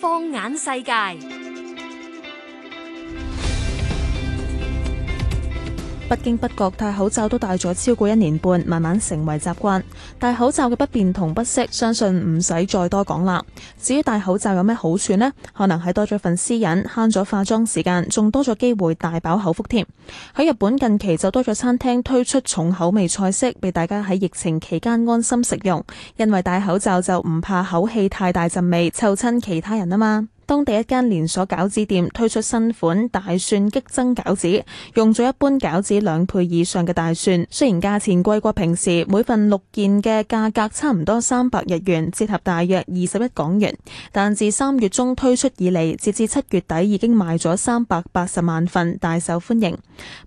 放眼世界。不經不覺戴口罩都戴咗超過一年半，慢慢成為習慣。戴口罩嘅不便同不適，相信唔使再多講啦。至於戴口罩有咩好處呢？可能係多咗份私隱，慳咗化妝時間，仲多咗機會大飽口福添。喺日本近期就多咗餐廳推出重口味菜式，俾大家喺疫情期間安心食用，因為戴口罩就唔怕口氣太大陣味，臭親其他人啊嘛。當地一間連鎖餃子店推出新款大蒜激增餃子，用咗一般餃子兩倍以上嘅大蒜。雖然價錢貴過平時，每份六件嘅價格差唔多三百日元，折合大約二十一港元。但自三月中推出以嚟，截至七月底已經賣咗三百八十萬份，大受歡迎。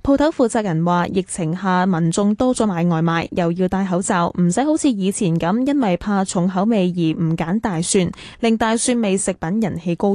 鋪頭負責人話：疫情下民眾多咗買外賣，又要戴口罩，唔使好似以前咁，因為怕重口味而唔揀大蒜，令大蒜味食品人氣高。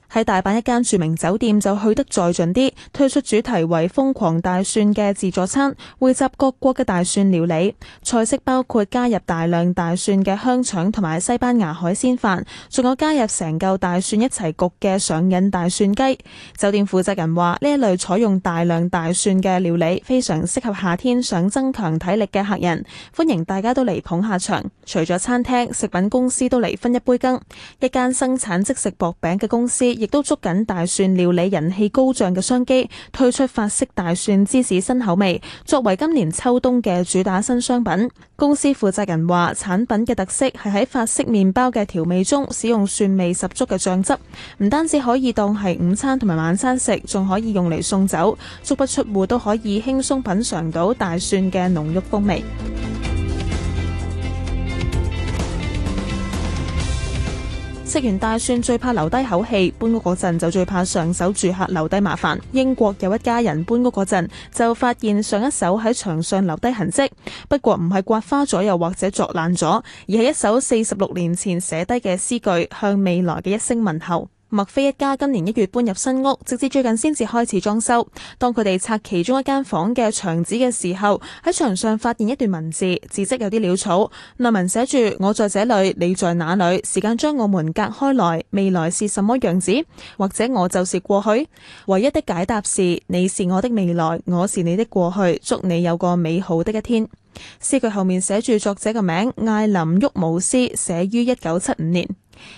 喺大阪一間著名酒店就去得再盡啲，推出主題為瘋狂大蒜嘅自助餐，匯集各國嘅大蒜料理，菜式包括加入大量大蒜嘅香腸同埋西班牙海鮮飯，仲有加入成嚿大蒜一齊焗嘅上癮大蒜雞。酒店負責人話：呢一類採用大量大蒜嘅料理，非常適合夏天想增強體力嘅客人，歡迎大家都嚟捧下場。除咗餐廳，食品公司都嚟分一杯羹。一間生產即食薄餅嘅公司，亦都捉緊大蒜料理人氣高漲嘅商機，推出法式大蒜芝士新口味，作為今年秋冬嘅主打新商品。公司負責人話：產品嘅特色係喺法式麵包嘅調味中使用蒜味十足嘅醬汁，唔單止可以當係午餐同埋晚餐食，仲可以用嚟送酒，足不出戶都可以輕鬆品嚐到大蒜嘅濃郁風味。食完大蒜最怕留低口氣，搬屋嗰陣就最怕上手住客留低麻煩。英國有一家人搬屋嗰陣就發現上一手喺牆上留低痕跡，不過唔係刮花咗又或者鑿爛咗，而係一首四十六年前寫低嘅詩句，向未來嘅一聲問候。莫菲一家今年一月搬入新屋，直至最近先至開始裝修。當佢哋拆其中一間房嘅牆紙嘅時候，喺牆上發現一段文字，字跡有啲潦草。內文寫住：我在這裏，你在哪裏？時間將我們隔開來，未來是什麼樣子？或者我就是過去？唯一的解答是：你是我的未來，我是你的過去。祝你有個美好的一天。詩句後面寫住作者嘅名艾林沃姆斯，寫於一九七五年。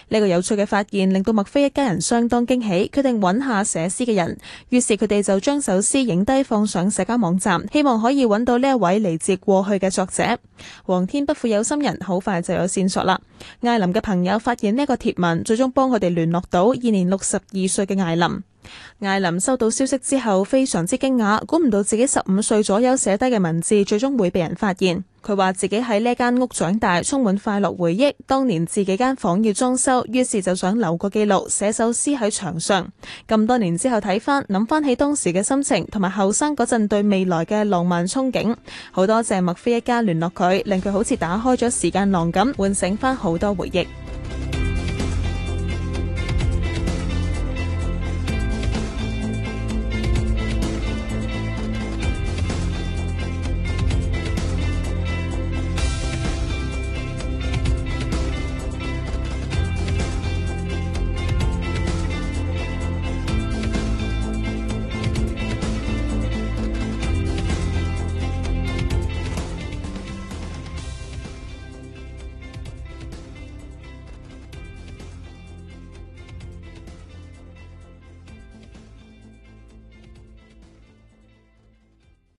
呢個有趣嘅發現令到墨菲一家人相當驚喜，決定揾下寫詩嘅人。於是佢哋就將首詩影低放上社交網站，希望可以揾到呢一位嚟自過去嘅作者。皇天不負有心人，好快就有線索啦。艾琳嘅朋友發現呢個貼文，最終幫佢哋聯絡到現年六十二歲嘅艾琳。艾琳收到消息之後非常之驚訝，估唔到自己十五歲左右寫低嘅文字最終會被人發現。佢話：自己喺呢間屋長大，充滿快樂回憶。當年自己間房要裝修，於是就想留個記錄，寫首詩喺牆上。咁多年之後睇翻，諗翻起當時嘅心情，同埋後生嗰陣對未來嘅浪漫憧憬，好多謝麥菲一家聯絡佢，令佢好似打開咗時間囊咁，喚醒翻好多回憶。